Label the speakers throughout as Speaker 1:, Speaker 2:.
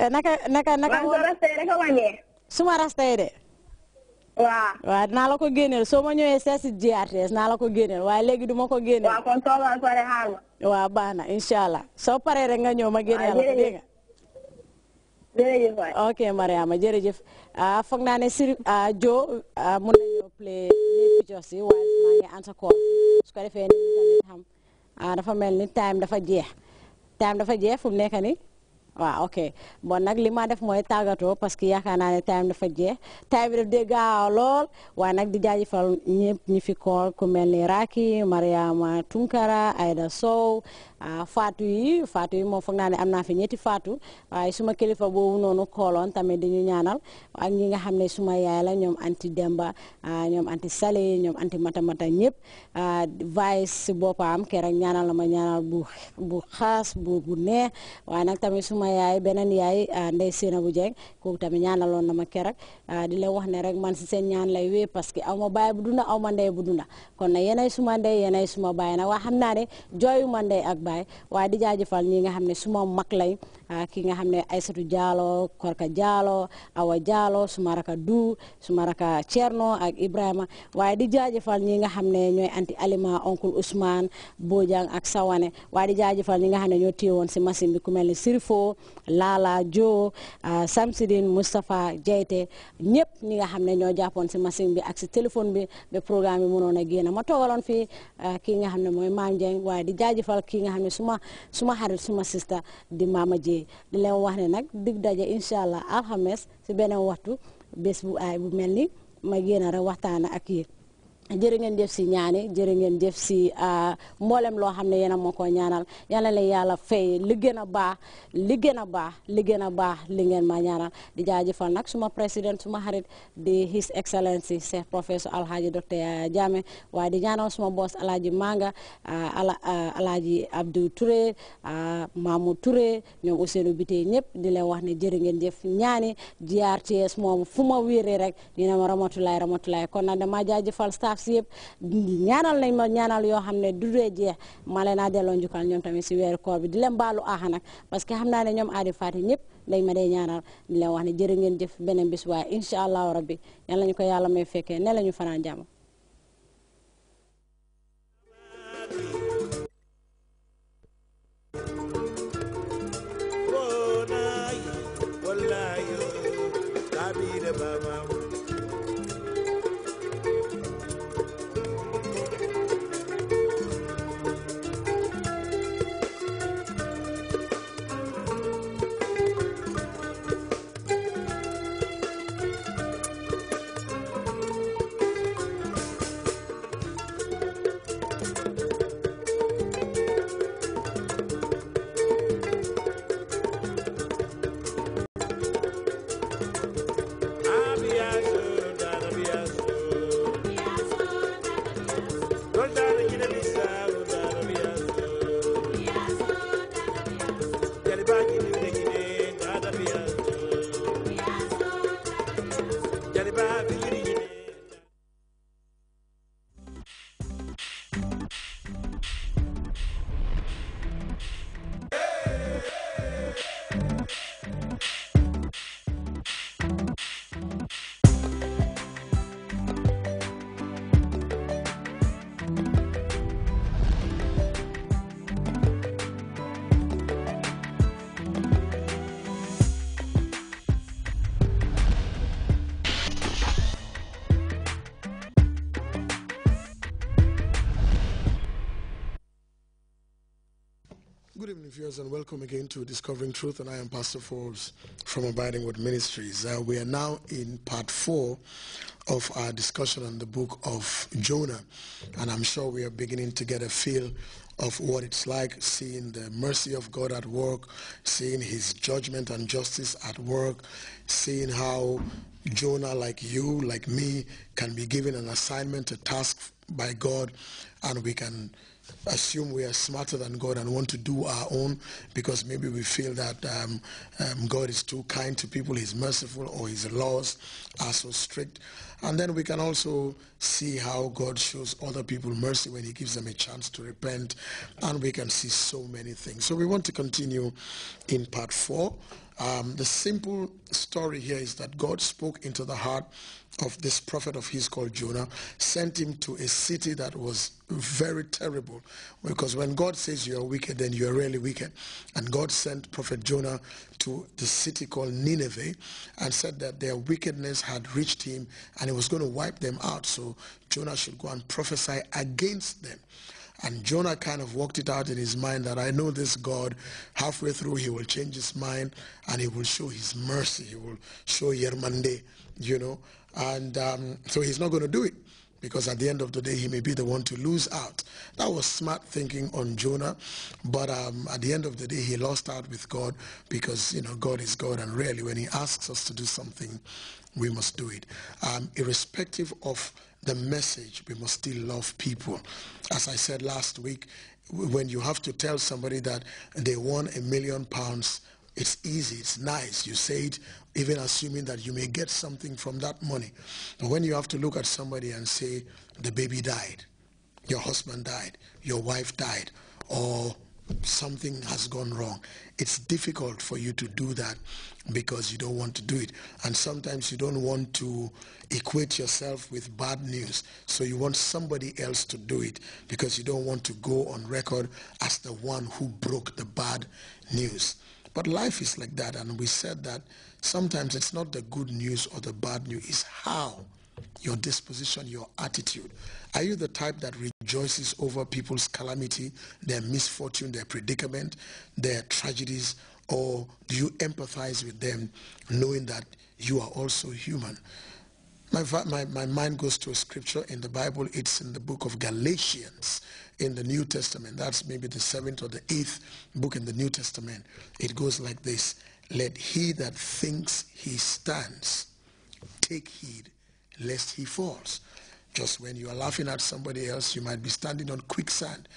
Speaker 1: Eh, naka naka naka. suma rastay de. waaw naa la ko génneel soo ma ñëwee seesi GRTS naa la ko génneel waaye léegi du ma ko génneel. waaw kon
Speaker 2: toogal
Speaker 1: incha allah soo paree rek nga ñëw ma génneel la dégg ok Mariama jërëjëf ah, foog naa ne Sir ah, Jo ah, mun nañoo play picture si waaye maa ngi ansa kool su ko defee dafa mel ni time dafa jeex time dafa jeex fu mu Wah ok bon nak li ma def mooy tagato parce que yaakaar naa ne time dafa jeex time bi daf dee gaaw lool waaye di jaajëfal ñëpp ñi fi kool ku mel raki Mariama Tunkara Aida Sow ah, fatu yi fatu yi mo foog naa ne am naa fi ñetti Fatou waaye suma kilifa boobu noonu kooloon tamit di ñaanal ak ñi nga suma yaay la anti Demba nyom ah, anti Sale nyom anti Matamata ñëpp ah, vice si boppam keroog ñaanal la ma ñaanal bu bu xaas bu bu neex waaye nag suma yaay beneen yaay ah, ndey Seynabou Dieng kooku tamit ñaanaloon na ma keroog ah, di leen wax ne rek man si seen ñaan lay wéy parce que aw ma baay bu duna aw ma ndey bu duna kon na yéenay suma ndey yéenay suma baay nag waa xam naa ne jooyu ma ndey ak bay waaye di jaajëfal ñi nga xam ne suma mag lay Ah, ki nga xamne aissatou diallo Korka diallo Awa diallo Sumaraka Du Sumaraka Cerno ak Ibrahima waye di jaajëfal ñi nga xamne ñoy anti alima oncle Ousmane Bojang ak Sawane waye di jaajëfal ñi nga xamne ñoo tiewon ci machine bi ku melni Sirfo Lala Jo ah, Samsidine Moustapha Jeyte ñepp ñi nga xamne ñoo Japon, ci machine bi ak programi telephone bi be programme bi mënoon a ma togalon fi ah, ki nga xamne moy mooy Maam Jeng di jaajëfal ki nga xamne suma suma harit suma sista di Mama Jeng liggéey wax ne nag dig daje incha allah alxames si beneen waxtu bés bu ay bu mel ni may génn rek waxtaan ak yéen jërë ngeen jëf si ñaani jërë ngeen jëf si mboolem loo xam ne yéen a moo ko ñaanal yàlla la yàlla fay li gën a baax li gën a li gën a li ngeen ma ñaanal di jaajëfal nag suma président suma xarit di his excellency Cheikh professeur alhaji docteur Jame wa waaye di ñaanal suma boss alhaji Manga ala alhaji Abdou Touré Mamou Touré ñoom Ousseynou bité ñëpp di leen wax ne jërë ngeen jëf ñaani GRTS moom fu ma wéeree rek dina ma ramatulaay ramatulaay kon nag dama jaajëfal staff taxi yeb ñaanal nañ ma ñaanal yo xamne du dee jeex ma leen ñukal ñom tamit ci weeru koor bi di leen balu aha nak parce que xamna né ñom adi faté ñep lay ma dé ñaanal di leen wax né jëre ngeen jëf benen bis waaye inshallah rabbi yalla ñu ko yalla may féké né lañu ñu jamm
Speaker 2: Bye-bye. you of yours and welcome again to Discovering Truth and I am Pastor Forbes from Abiding Word Ministries. Uh, we are now in part four of our discussion on the book of Jonah and I'm sure we are beginning to get a feel of what it's like seeing the mercy of God at work, seeing his judgment and justice at work, seeing how Jonah like you, like me, can be given an assignment, a task by God and we can assume we are smarter than God and want to do our own because maybe we feel that um, um, God is too kind to people, he's merciful, or his laws are so strict. And then we can also see how God shows other people mercy when he gives them a chance to repent. And we can see so many things. So we want to continue in part four. Um, the simple story here is that God spoke into the heart of this prophet of his called Jonah, sent him to a city that was very terrible. Because when God says you are wicked, then you are really wicked. And God sent prophet Jonah to the city called Nineveh and said that their wickedness had reached him and he was going to wipe them out. So Jonah should go and prophesy against them. And Jonah kind of worked it out in his mind that I know this God, halfway through he will change his mind and he will show his mercy. He will show Yermande, you know. And um, so he's not going to do it because at the end of the day, he may be the one to lose out. That was smart thinking on Jonah, but um, at the end of the day, he lost out with God because, you know, God is God, and really, when he asks us to do something, we must do it. Um, irrespective of the message, we must still love people. As I said last week, when you have to tell somebody that they won a million pounds, it's easy, it's nice. You say it even assuming that you may get something from that money. But when you have to look at somebody and say, the baby died, your husband died, your wife died, or something has gone wrong. It's difficult for you to do that because you don't want to do it. And sometimes you don't want to equate yourself with bad news. So you want somebody else to do it because you don't want to go on record as the one who broke the bad news. But life is like that. And we said that sometimes it's not the good news or the bad news. It's how your disposition, your attitude. Are you the type that rejoices over people's calamity, their misfortune, their predicament, their tragedies, or do you empathize with them knowing that you are also human? My, my, my mind goes to a scripture in the Bible. It's in the book of Galatians in the New Testament. That's maybe the seventh or the eighth book in the New Testament. It goes like this. Let he that thinks he stands take heed lest he falls. Just when you are laughing at somebody else, you might be standing on quicksand,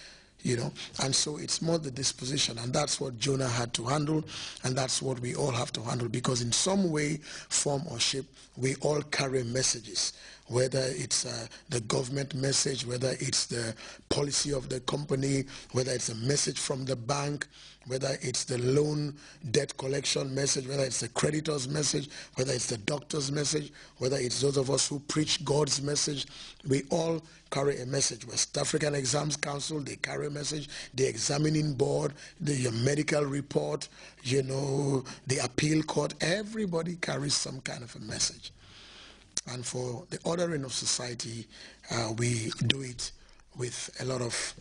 Speaker 2: you know. And so it's more the disposition, and that's what Jonah had to handle, and that's what we all have to handle, because in some way, form, or shape, we all carry messages whether it's uh, the government message, whether it's the policy of the company, whether it's a message from the bank, whether it's the loan debt collection message, whether it's the creditor's message, whether it's the doctor's message, whether it's those of us who preach God's message, we all carry a message. West African Exams Council, they carry a message. The examining board, the medical report, you know, the appeal court, everybody carries some kind of a message. And for the ordering of society, uh, we do it with a lot of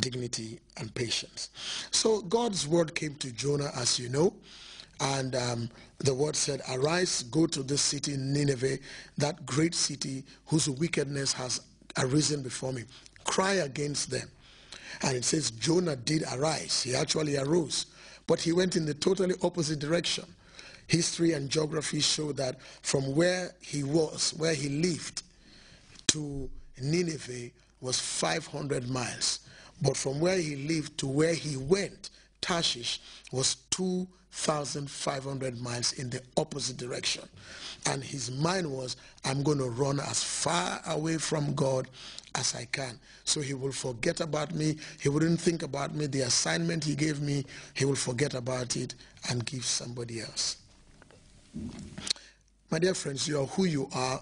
Speaker 2: dignity, and patience. So God's word came to Jonah, as you know, and um, the word said, Arise, go to this city, Nineveh, that great city whose wickedness has arisen before me. Cry against them. And it says Jonah did arise. He actually arose. But he went in the totally opposite direction. History and geography show that from where he was, where he lived, to Nineveh was 500 miles. But from where he lived to where he went, Tarshish was 2,500 miles in the opposite direction. And his mind was, I'm going to run as far away from God as I can. So he will forget about me. He wouldn't think about me. The assignment he gave me, he will forget about it and give somebody else. My dear friends, you are who you are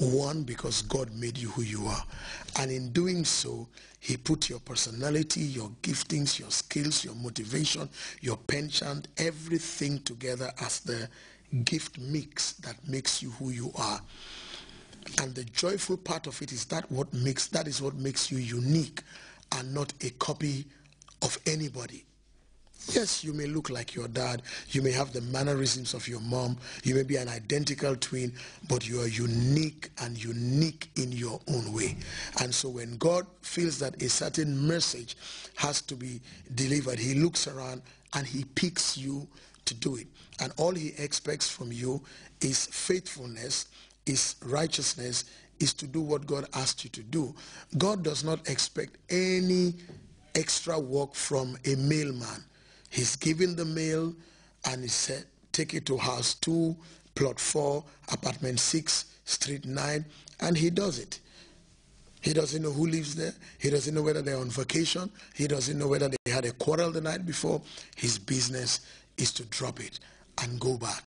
Speaker 2: one, because God made you who you are. And in doing so, he put your personality, your giftings, your skills, your motivation, your penchant, everything together as the gift mix that makes you who you are. And the joyful part of it is that what makes that is what makes you unique and not a copy of anybody. Yes, you may look like your dad. You may have the mannerisms of your mom. You may be an identical twin, but you are unique and unique in your own way. And so when God feels that a certain message has to be delivered, he looks around and he picks you to do it. And all he expects from you is faithfulness, is righteousness, is to do what God asked you to do. God does not expect any extra work from a mailman. He's given the mail and he said, take it to house 2, plot 4, apartment 6, street 9, and he does it. He doesn't know who lives there. He doesn't know whether they're on vacation. He doesn't know whether they had a quarrel the night before. His business is to drop it and go back